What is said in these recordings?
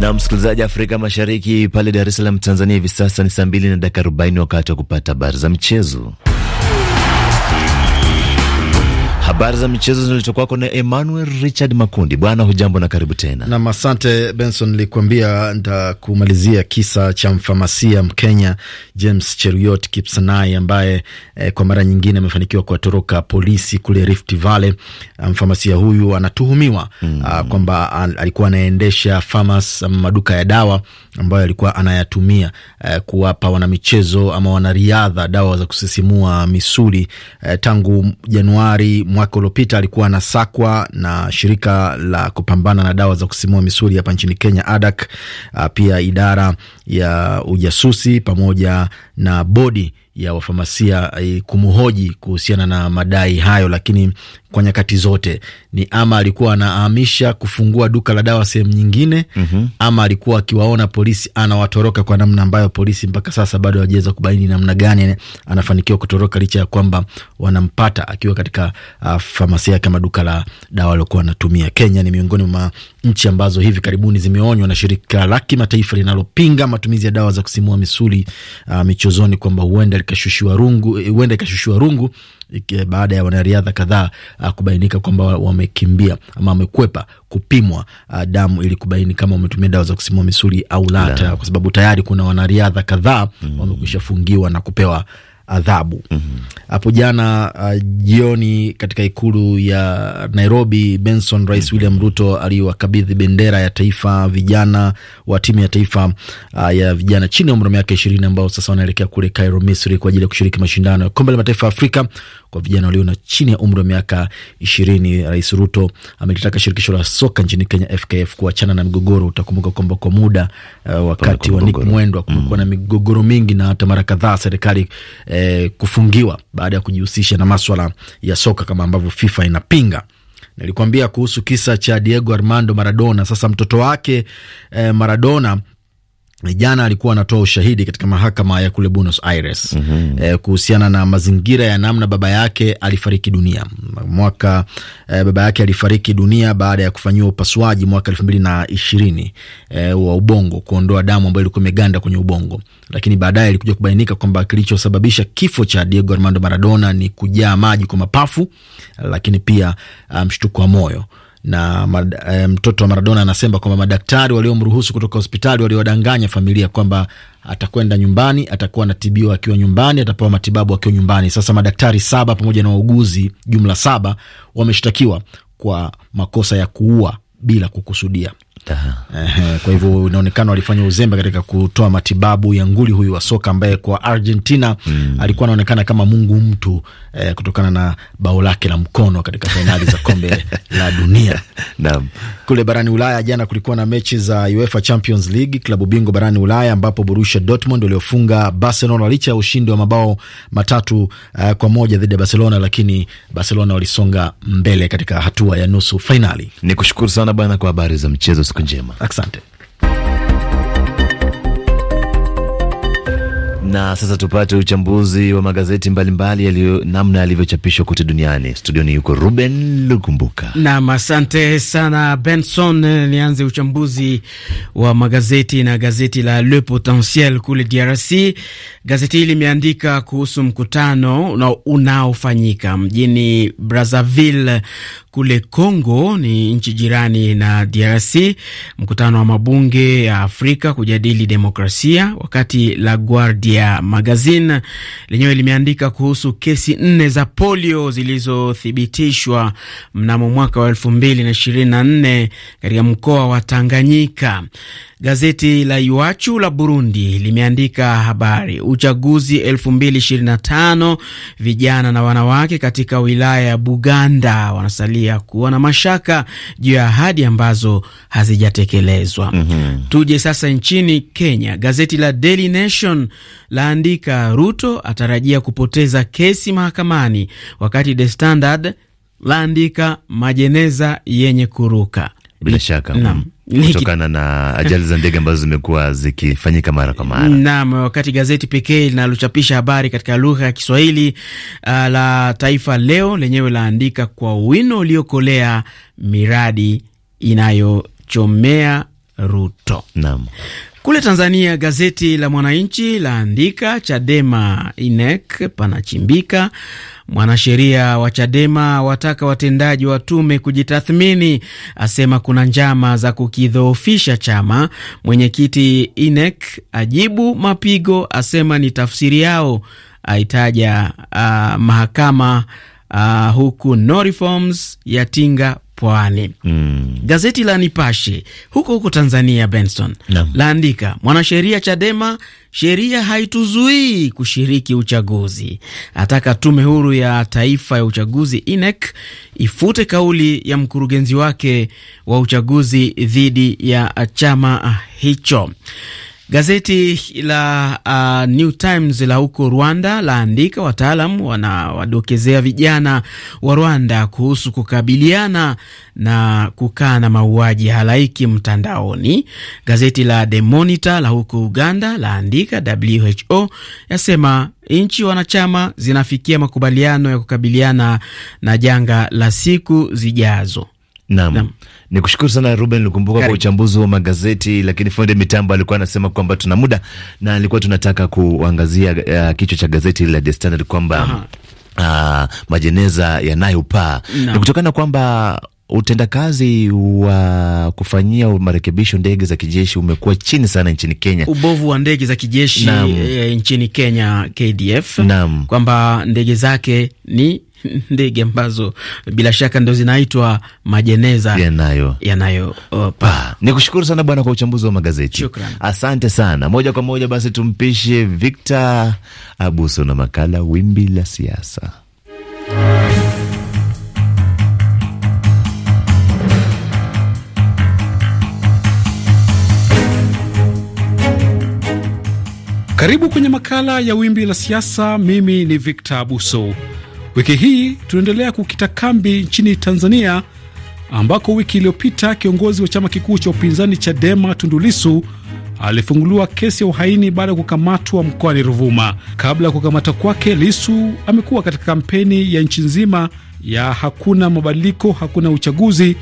Na msikilizaji, Afrika Mashariki pale Dar es Salaam, Tanzania, hivi sasa ni saa mbili na dakika arobaini, wakati wa kupata habari za mchezo. Habari za michezo zinaletwa kwako na Emmanuel Richard Makundi. Bwana hujambo na karibu tena. Nam, asante Benson. Nilikuambia ntakumalizia kisa cha mfamasia Mkenya James Cheruyot Kipsanai ambaye eh, kwa mara nyingine amefanikiwa kuwatoroka polisi kule Rift Valley. Ah, mfamasia huyu anatuhumiwa mm, ah, kwamba alikuwa anaendesha famas ama ah, maduka ya dawa ambayo alikuwa anayatumia eh, kuwapa wanamichezo ama wanariadha dawa za kusisimua misuli eh, tangu Januari mwaka uliopita alikuwa anasakwa na shirika la kupambana na dawa za kusimua misuli hapa nchini Kenya, ADAK, ah, pia idara ya ujasusi pamoja na bodi ya wafamasia eh, kumhoji kuhusiana na madai hayo, lakini kwa nyakati zote ni ama alikuwa anahamisha kufungua duka la dawa sehemu nyingine mm -hmm. ama alikuwa akiwaona polisi anawatoroka kwa namna ambayo polisi mpaka sasa bado hawajaweza kubaini namna gani anafanikiwa kutoroka licha ya kwamba wanampata akiwa katika uh, famasia yake ama duka la dawa aliokuwa anatumia. Kenya ni miongoni mwa nchi ambazo hivi karibuni zimeonywa na shirika la kimataifa linalopinga matumizi ya dawa za kusimua misuli uh, ah, michezoni kwamba huenda ikashushiwa rungu, eh, huenda ikashushiwa rungu eh, baada ya wanariadha kadhaa ah, kubainika kwamba wamekimbia ama wamekwepa kupimwa ah, damu ili kubaini kama wametumia dawa za kusimua misuli au la, kwa sababu tayari kuna wanariadha kadhaa mm wamekwisha fungiwa na kupewa adhabu mhm. hapo. mm -hmm. Jana uh, jioni katika ikulu ya Nairobi, Benson Rais mm -hmm. William Ruto aliwakabidhi bendera ya taifa vijana wa timu ya taifa uh, ya vijana chini ya umri wa miaka ishirini ambao sasa wanaelekea kule Cairo, Misri kwa ajili ya kushiriki mashindano ya kombe la mataifa ya Afrika kwa vijana walio na chini ya umri wa miaka ishirini. Rais Ruto amelitaka shirikisho la soka nchini Kenya, FKF, kuachana na migogoro. Utakumbuka kwamba kwa muda uh, wakati wa Nick Mwendwa kumekuwa mm -hmm. na migogoro mingi na hata mara kadhaa serikali eh, eh, kufungiwa baada ya kujihusisha na maswala ya soka kama ambavyo FIFA inapinga. Nilikuambia kuhusu kisa cha Diego Armando Maradona. Sasa mtoto wake eh, Maradona Eh, jana alikuwa anatoa ushahidi katika mahakama ya kule Buenos Aires mm -hmm. E, kuhusiana na mazingira ya namna baba yake alifariki dunia mwaka e, baba yake alifariki dunia baada ya kufanyiwa upasuaji mwaka elfu mbili na ishirini e, wa ubongo, kuondoa damu ambayo ilikuwa imeganda kwenye ubongo, lakini baadaye ilikuja kubainika kwamba kilichosababisha kifo cha Diego Armando Maradona ni kujaa maji kwa mapafu, lakini pia ah, mshtuko um, wa moyo na eh, mtoto wa Maradona anasema kwamba madaktari waliomruhusu kutoka hospitali waliwadanganya familia kwamba atakwenda nyumbani, atakuwa anatibiwa akiwa nyumbani, atapewa matibabu akiwa nyumbani. Sasa madaktari saba pamoja na wauguzi, jumla saba, wameshtakiwa kwa makosa ya kuua bila kukusudia. Kwa hivyo inaonekana walifanya uzembe katika kutoa matibabu ya nguli huyu wa soka ambaye kwa Argentina mm. alikuwa anaonekana kama mungu mtu eh, kutokana na bao lake la mkono katika fainali za kombe la dunia. Naam. Kule barani Ulaya jana kulikuwa na mechi za UEFA Champions League, klabu bingwa barani Ulaya, ambapo Borussia Dortmund waliofunga Barcelona licha ya ushindi wa mabao matatu eh, kwa moja dhidi ya Barcelona, lakini Barcelona walisonga mbele katika hatua ya nusu fainali. Ni kushukuru sana bwana kwa habari za mchezo siku njema, asante. Na sasa tupate uchambuzi wa magazeti mbalimbali yaliyo namna yalivyochapishwa kote duniani. Studioni yuko Ruben Lukumbuka. Nam, asante sana Benson. Nianze uchambuzi wa magazeti na gazeti la Le Potentiel kule DRC. Gazeti hili limeandika kuhusu mkutano unaofanyika mjini Brazzaville kule Congo ni nchi jirani na DRC, mkutano wa mabunge ya Afrika kujadili demokrasia, wakati La Guardia Magazine lenyewe limeandika kuhusu kesi nne za polio zilizothibitishwa mnamo mwaka wa elfu mbili na ishirini na nne katika mkoa wa Tanganyika. Gazeti la Iwachu la Burundi limeandika habari uchaguzi 2025 vijana na wanawake katika wilaya ya Buganda wanasalia kuwa na mashaka juu ya ahadi ambazo hazijatekelezwa. mm -hmm. Tuje sasa nchini Kenya, gazeti la Daily Nation laandika Ruto atarajia kupoteza kesi mahakamani, wakati The Standard laandika majeneza yenye kuruka. Bila shaka naam kutokana na ajali za ndege ambazo zimekuwa zikifanyika mara kwa mara. Naam, wakati gazeti pekee linalochapisha habari katika lugha ya Kiswahili uh, la Taifa Leo lenyewe laandika kwa wino uliokolea miradi inayochomea Ruto. Naam. Kule Tanzania, gazeti la Mwananchi laandika Chadema INEC panachimbika. Mwanasheria wa Chadema wataka watendaji wa tume kujitathmini, asema kuna njama za kukidhoofisha chama. Mwenyekiti INEC ajibu mapigo, asema ni tafsiri yao, aitaja uh, mahakama uh, huku no reforms yatinga pwani. Mm. Gazeti la Nipashe huko huko Tanzania, Benson no. laandika mwanasheria Chadema, sheria haituzuii kushiriki uchaguzi, ataka tume huru ya taifa ya uchaguzi INEC ifute kauli ya mkurugenzi wake wa uchaguzi dhidi ya chama hicho. Gazeti la uh, New Times la huko Rwanda laandika wataalam wanawadokezea vijana wa Rwanda kuhusu kukabiliana na kukaa na mauaji halaiki mtandaoni. Gazeti la The Monitor la huko Uganda laandika WHO yasema nchi wanachama zinafikia makubaliano ya kukabiliana na janga la siku zijazo. Naam. kushukuru sana Ruben Lukumbuka kwa uchambuzi wa magazeti, lakini fundi mitambo alikuwa anasema kwamba tuna muda na alikuwa tunataka kuangazia uh, kichwa cha gazeti la The Standard kwamba uh, majeneza yanayopaa ni kutokana kwamba utendakazi wa kufanyia marekebisho ndege za kijeshi umekuwa chini sana nchini Kenya. Ubovu wa ndege za kijeshi e, nchini Kenya KDF, kwamba ndege zake ni ndege ambazo bila shaka ndo zinaitwa majeneza yanayo yanayo pa. Ah, ni kushukuru sana bwana kwa uchambuzi wa magazeti. Shukran. asante sana. Moja kwa moja basi tumpishe Victor Abuso na makala wimbi la siasa. Karibu kwenye makala ya wimbi la siasa. Mimi ni Victor Abuso. Wiki hii tunaendelea kukita kambi nchini Tanzania, ambako wiki iliyopita kiongozi wa chama kikuu cha upinzani Chadema Tundulisu alifunguliwa kesi ya uhaini baada ya kukamatwa mkoani Ruvuma. Kabla ya kukamata kwake, Lisu amekuwa katika kampeni ya nchi nzima ya hakuna mabadiliko hakuna uchaguzi,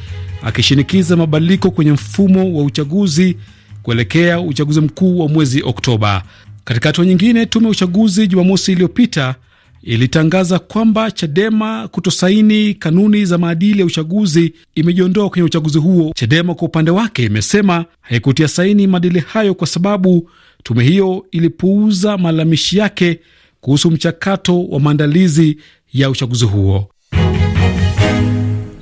akishinikiza mabadiliko kwenye mfumo wa uchaguzi kuelekea uchaguzi mkuu wa mwezi Oktoba. Katika hatua nyingine, tume ya uchaguzi Jumamosi iliyopita ilitangaza kwamba Chadema kutosaini kanuni za maadili ya uchaguzi imejiondoa kwenye uchaguzi huo. Chadema kwa upande wake imesema haikutia saini maadili hayo kwa sababu tume hiyo ilipuuza malalamishi yake kuhusu mchakato wa maandalizi ya uchaguzi huo.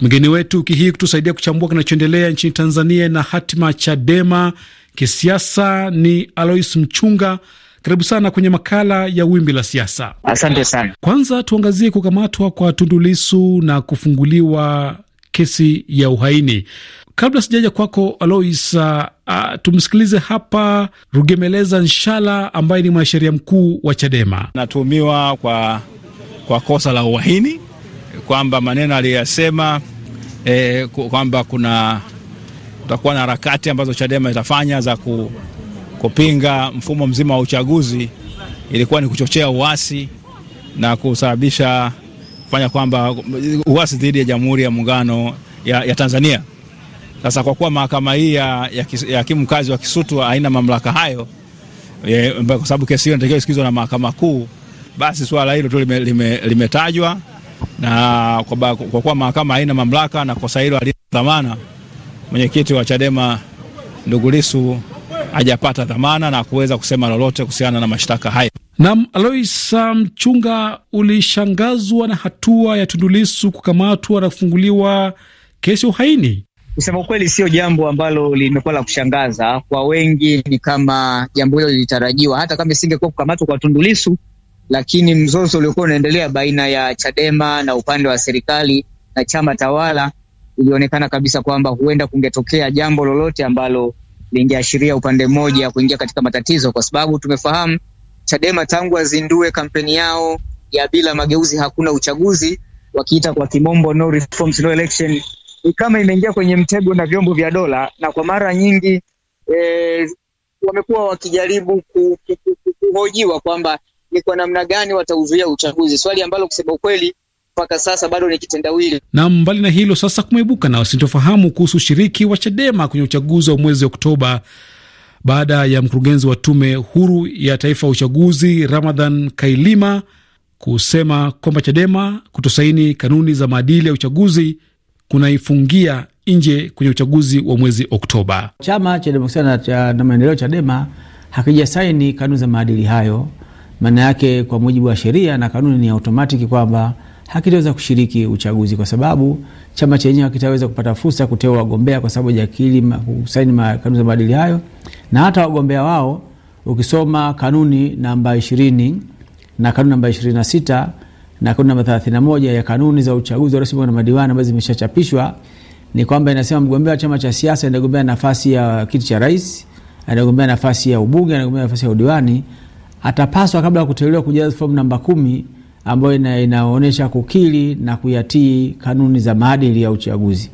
Mgeni wetu wiki hii kutusaidia kuchambua kinachoendelea nchini Tanzania na hatima Chadema kisiasa ni Alois Mchunga karibu sana kwenye makala ya Wimbi la Siasa. Asante sana. Kwanza tuangazie kukamatwa kwa Tundu Lissu na kufunguliwa kesi ya uhaini. Kabla sijaja kwako Alois, uh, uh tumsikilize hapa Rugemeleza Nshala ambaye ni mwanasheria mkuu wa Chadema. Anatuhumiwa kwa, kwa kosa la uhaini kwamba maneno aliyoyasema eh, kwamba kuna kutakuwa na harakati ambazo Chadema itafanya za ku kupinga mfumo mzima wa uchaguzi ilikuwa ni kuchochea uasi na kusababisha kufanya kwamba uasi dhidi ya Jamhuri ya Muungano ya, ya Tanzania. Sasa kwa kuwa mahakama hii ya, ya, ya hakimu mkazi wa Kisutu haina mamlaka hayo ye, kwa sababu kesi hiyo inatakiwa isikizwe na mahakama kuu, basi swala hilo tu limetajwa lime, lime na kwa, kwa kuwa mahakama haina mamlaka na kosa hilo halina dhamana, mwenyekiti wa Chadema ndugu Lissu hajapata dhamana na kuweza kusema lolote kuhusiana na mashtaka hayo. Nam Alois Mchunga, ulishangazwa na hatua ya Tundulisu kukamatwa na kufunguliwa kesi uhaini? Kusema ukweli, sio jambo ambalo limekuwa la kushangaza kwa wengi, ni kama jambo hilo lilitarajiwa, hata kama isingekuwa kukamatwa kwa Tundulisu, lakini mzozo uliokuwa unaendelea baina ya Chadema na upande wa serikali na chama tawala, ilionekana kabisa kwamba huenda kungetokea jambo lolote ambalo lingeashiria upande mmoja kuingia katika matatizo, kwa sababu tumefahamu Chadema tangu azindue kampeni yao ya bila mageuzi hakuna uchaguzi, wakiita kwa kimombo no reforms no election, ni kama imeingia kwenye mtego na vyombo vya dola, na kwa mara nyingi eh, wamekuwa wakijaribu kuhojiwa kwamba ni kwa namna gani watauzuia uchaguzi, swali ambalo kusema ukweli mpaka sasa bado ni kitendawili. Na mbali na hilo, sasa kumeibuka na sintofahamu kuhusu ushiriki wa Chadema kwenye uchaguzi wa mwezi Oktoba baada ya mkurugenzi wa Tume Huru ya Taifa ya Uchaguzi Ramadhan Kailima kusema kwamba Chadema kutosaini kanuni za maadili ya uchaguzi kunaifungia nje kwenye uchaguzi wa mwezi Oktoba. Chama cha Demokrasia cha, na Maendeleo Chadema hakijasaini kanuni za maadili hayo. Maana yake kwa mujibu wa sheria na kanuni ni automatiki kwamba hakitaweza kushiriki uchaguzi kwa sababu chama chenyewe hakitaweza kupata fursa kuteua wagombea kwa sababu hajakili kusaini kanuni za maadili hayo, na hata wagombea wao ukisoma kanuni namba ishirini na kanuni namba ishirini na sita na kanuni namba thelathini na moja ya kanuni za uchaguzi wa rais na madiwani ambazo zimeshachapishwa ni kwamba inasema mgombea wa chama cha siasa anagombea nafasi ya kiti cha rais, anagombea nafasi ya ubunge, anagombea nafasi ya udiwani, atapaswa kabla ya kuteuliwa kujaza fomu namba kumi ambayo ina, inaonyesha kukiri na kuyatii kanuni za maadili ya uchaguzi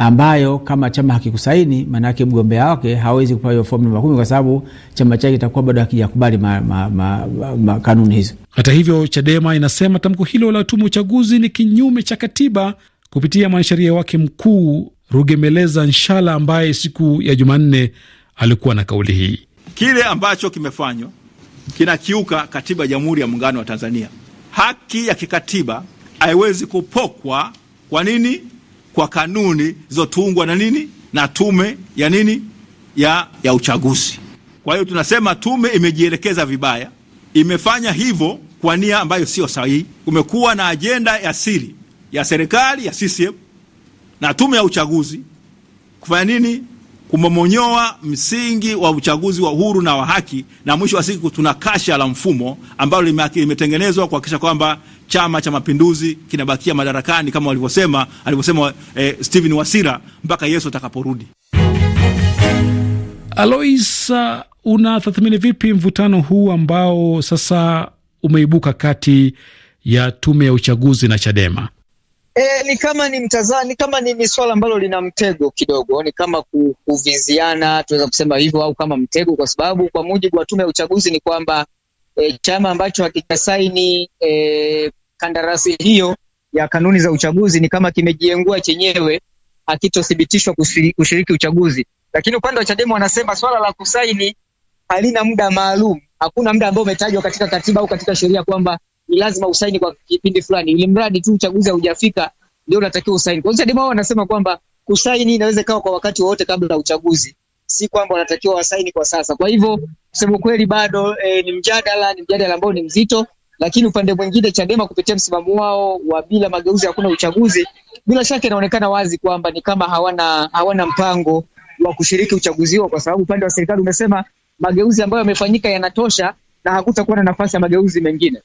ambayo kama chama hakikusaini, maanake mgombea wake hawezi kupewa hiyo fomu namba kumi kwa sababu chama chake kitakuwa bado hakijakubali kanuni hizo. Hata hivyo, Chadema inasema tamko hilo la tume uchaguzi ni kinyume cha katiba kupitia mwanasheria wake mkuu Rugemeleza Nshala ambaye siku ya Jumanne alikuwa na kauli hii: kile ambacho kimefanywa kinakiuka katiba ya Jamhuri ya Muungano wa Tanzania haki ya kikatiba haiwezi kupokwa. Kwa nini? Kwa kanuni zilizotungwa na nini na tume ya nini ya, ya uchaguzi. Kwa hiyo tunasema tume imejielekeza vibaya, imefanya hivyo kwa nia ambayo sio sahihi. Kumekuwa na ajenda ya siri ya serikali ya CCM na tume ya uchaguzi kufanya nini? kumomonyoa msingi wa uchaguzi wa uhuru na wa haki, na mwisho wa siku tuna kasha la mfumo ambalo limetengenezwa kuhakikisha kwamba Chama cha Mapinduzi kinabakia madarakani kama walivyosema alivyosema eh, Stephen Wasira mpaka Yesu atakaporudi. Alois, unatathmini vipi mvutano huu ambao sasa umeibuka kati ya tume ya uchaguzi na Chadema? E, ni kama ni mtazaa, ni kama ni, ni swala ambalo lina mtego kidogo, ni kama kuviziana, tunaweza kusema hivyo au kama mtego, kwa sababu kwa mujibu wa tume ya uchaguzi ni kwamba e, chama ambacho hakijasaini e, kandarasi hiyo ya kanuni za uchaguzi ni kama kimejiengua chenyewe, hakitothibitishwa kushiriki uchaguzi. Lakini upande wa Chadema wanasema swala la kusaini halina muda maalum, hakuna muda ambao umetajwa katika katiba au katika sheria kwamba ni lazima usaini kwa kipindi fulani, ili mradi tu uchaguzi haujafika ndio unatakiwa usaini. Kwa hiyo Chadema wao wanasema kwamba kusaini inaweza ikawa kwa wakati wowote kabla ya uchaguzi, si kwamba wanatakiwa wasaini kwa sasa. Kwa hivyo kusema kweli, bado e, ni mjadala, ni mjadala ambao ni mzito, lakini upande mwingine Chadema kupitia msimamo wao wa bila mageuzi hakuna uchaguzi, bila shaka inaonekana wazi kwamba ni kama hawana hawana mpango wa kushiriki uchaguzi huo, kwa sababu upande wa serikali umesema mageuzi ambayo yamefanyika yanatosha na hakutakuwa na nafasi ya mageuzi mengine.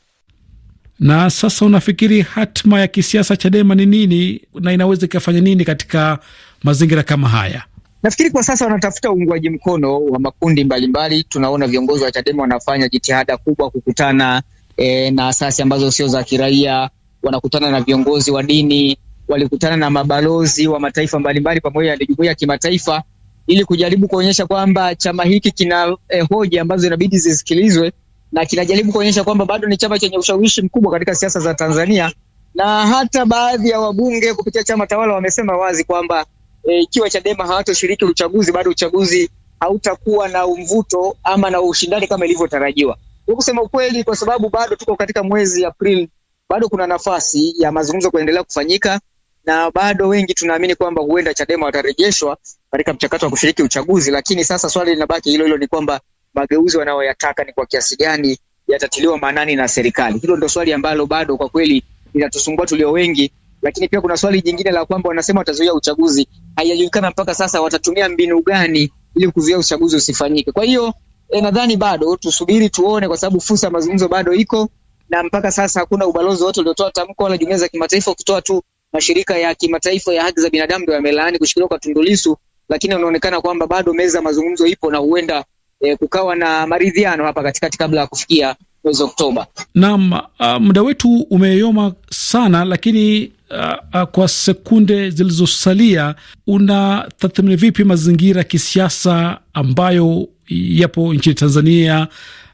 Na sasa unafikiri hatima ya kisiasa Chadema ni nini na inaweza ikafanya nini katika mazingira kama haya? Nafikiri kwa sasa wanatafuta uungwaji mkono wa makundi mbalimbali mbali. Tunaona viongozi wa Chadema wanafanya jitihada kubwa kukutana e, na asasi ambazo sio za kiraia, wanakutana na viongozi wa dini, walikutana na mabalozi wa mataifa mbalimbali pamoja na jumuiya ya kimataifa ili kujaribu kuonyesha kwamba chama hiki kina e, hoja ambazo inabidi zisikilizwe na kinajaribu kuonyesha kwamba bado ni chama chenye ushawishi mkubwa katika siasa za Tanzania, na hata baadhi ya wabunge kupitia chama tawala wamesema wazi kwamba eh, ikiwa e, Chadema hawatoshiriki uchaguzi, bado uchaguzi hautakuwa na mvuto ama na ushindani kama ilivyotarajiwa. Ni kusema ukweli, kwa sababu bado tuko katika mwezi Aprili, bado kuna nafasi ya mazungumzo kuendelea kufanyika na bado wengi tunaamini kwamba huenda Chadema watarejeshwa katika mchakato wa kushiriki uchaguzi, lakini sasa swali linabaki hilo hilo, ni kwamba mageuzi wanayoyataka ni kwa kiasi gani yatatiliwa maanani na serikali. Hilo ndo swali ambalo bado kwa kweli linatusumbua tulio wengi, lakini pia kuna swali jingine la kwamba wanasema watazuia uchaguzi. Haijajulikana mpaka sasa watatumia mbinu gani ili kuzuia uchaguzi usifanyike. Kwa hiyo e, nadhani bado tusubiri tuone, kwa sababu fursa ya mazungumzo bado iko, na mpaka sasa hakuna ubalozi wote uliotoa tamko wala jumuiya za kimataifa, ukitoa tu mashirika ya kimataifa ya haki za binadamu ndio yamelaani kushikiliwa kwa Tundu Lissu, lakini wanaonekana kwamba bado meza mazungumzo ipo na huenda e, kukawa na maridhiano hapa katikati kabla ya kufikia mwezi Oktoba. Naam, uh, muda wetu umeyoma sana, lakini uh, uh, kwa sekunde zilizosalia, unatathmini vipi mazingira ya kisiasa ambayo yapo nchini Tanzania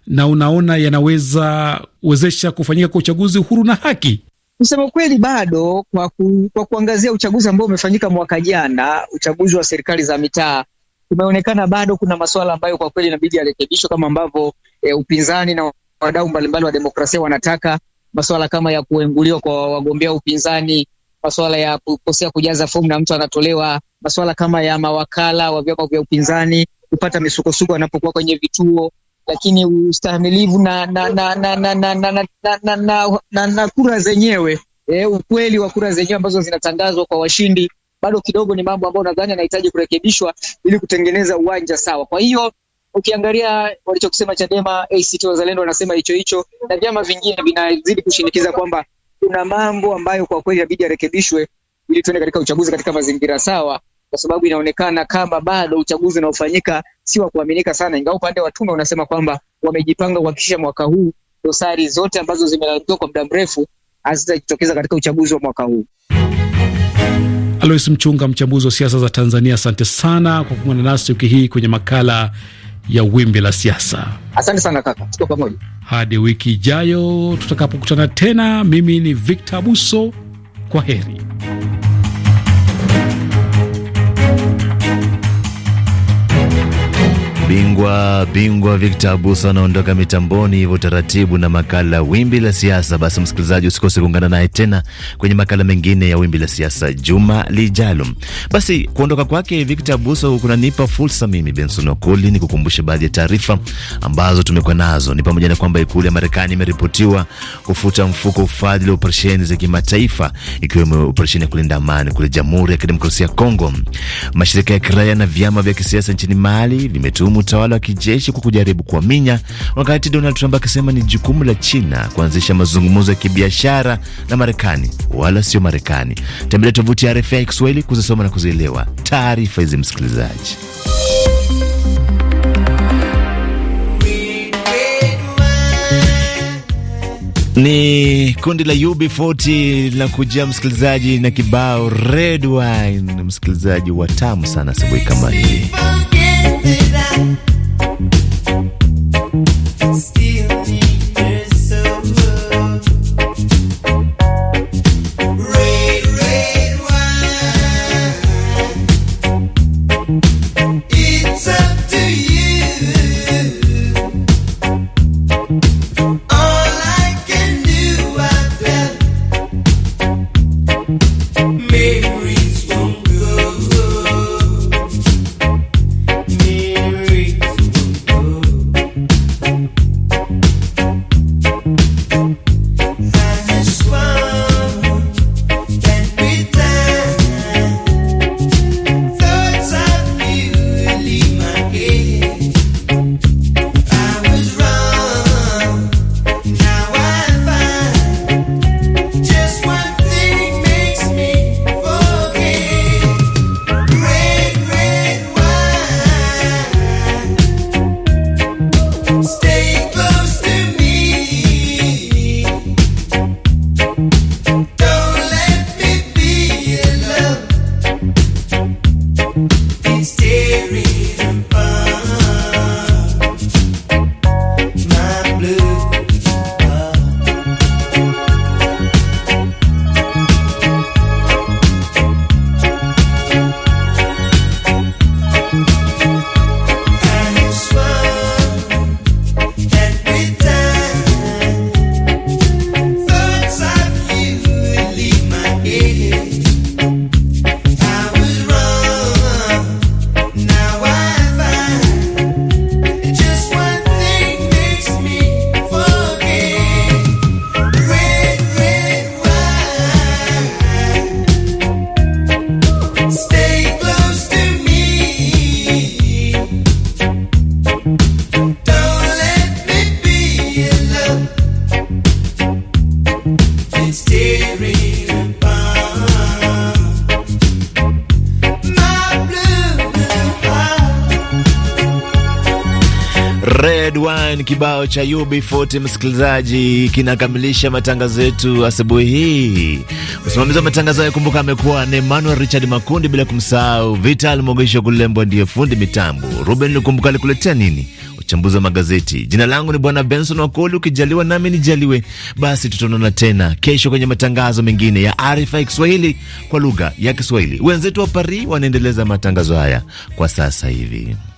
na unaona yanaweza wezesha kufanyika kwa uchaguzi huru na haki? Kusema kweli bado kwa, ku, kwa kuangazia uchaguzi ambao umefanyika mwaka jana, uchaguzi wa serikali za mitaa kumeonekana bado kuna masuala ambayo kwa kweli inabidi yarekebishwe kama ambavyo e, upinzani na wadau mbalimbali wa demokrasia wanataka, masuala kama ya kuenguliwa kwa wagombea upinzani, masuala ya kukosea kujaza fomu na mtu anatolewa, masuala kama ya mawakala wa vyama vya upinzani kupata misukosuko anapokuwa kwenye vituo, lakini ustahimilivu na na na na na na na na na na kura zenyewe, ukweli wa kura zenyewe ambazo zinatangazwa kwa washindi bado kidogo ni mambo ambayo nadhani yanahitaji kurekebishwa ili kutengeneza uwanja sawa. Kwa hiyo ukiangalia walichokisema Chadema, ACT Wazalendo wanasema hicho hicho, na vyama vingine vinazidi kushinikiza kwamba kuna mambo ambayo kwa kweli inabidi yarekebishwe ili tuende katika uchaguzi katika mazingira sawa, kwa sababu inaonekana kama bado uchaguzi unaofanyika si wa kuaminika sana, ingawa upande wa tume unasema kwamba wamejipanga kuhakikisha mwaka huu dosari zote ambazo zimelalamikiwa kwa muda mrefu hazitajitokeza katika uchaguzi wa mwaka huu. Alois Mchunga, mchambuzi wa siasa za Tanzania, asante sana kwa kuungana nasi wiki hii kwenye makala ya Wimbi la Siasa. Asante sana kaka, tuko pamoja hadi wiki ijayo tutakapokutana tena. Mimi ni Victor abuso kwa heri. Bingwa bingwa Victor Abuso anaondoka mitamboni hivyo taratibu na makala Wimbi la Siasa. Basi msikilizaji, usikose kuungana naye tena kwenye makala mengine ya Wimbi la Siasa juma lijalo. Basi kuondoka kwake Victor Abuso kunanipa fursa mimi Benson Okoli ni kukumbusha baadhi ya taarifa ambazo tumekuwa nazo, ni pamoja na kwamba ikulu ya Marekani imeripotiwa kufuta mfuko ufadhili wa operesheni za kimataifa ikiwemo operesheni ya kulinda amani kule Jamhuri ya Kidemokrasia ya Kongo. Mashirika ya kiraia na vyama vya kisiasa nchini Mali vimetumu utawala wa kijeshi kwa kujaribu kuaminya wakati Donald Trump akisema ni jukumu la China kuanzisha mazungumzo ya kibiashara na Marekani, wala sio Marekani. Tembelea tovuti ya RFI Kiswahili kuzisoma na kuzielewa taarifa hizi, msikilizaji. ni kundi la UB40 linakujia msikilizaji na kibao red wine. Msikilizaji watamu sana asubuhi kama hii. Thank you. Red Wine kibao cha UB40 msikilizaji, kinakamilisha matangazo yetu asubuhi hii. Msimamizi wa matangazo haya, kumbuka, amekuwa ni Emmanuel Richard Makundi, bila kumsahau Vital Mogesho Kulembo, ndiye fundi mitambo. Ruben Lukumbuka alikuletea nini? Uchambuzi wa magazeti. Jina langu ni Bwana Benson Wakoli, ukijaliwa nami nijaliwe, basi tutaonana tena kesho kwenye matangazo mengine ya RFI Kiswahili kwa lugha ya Kiswahili. Wenzetu wa Paris wanaendeleza matangazo haya kwa sasa hivi.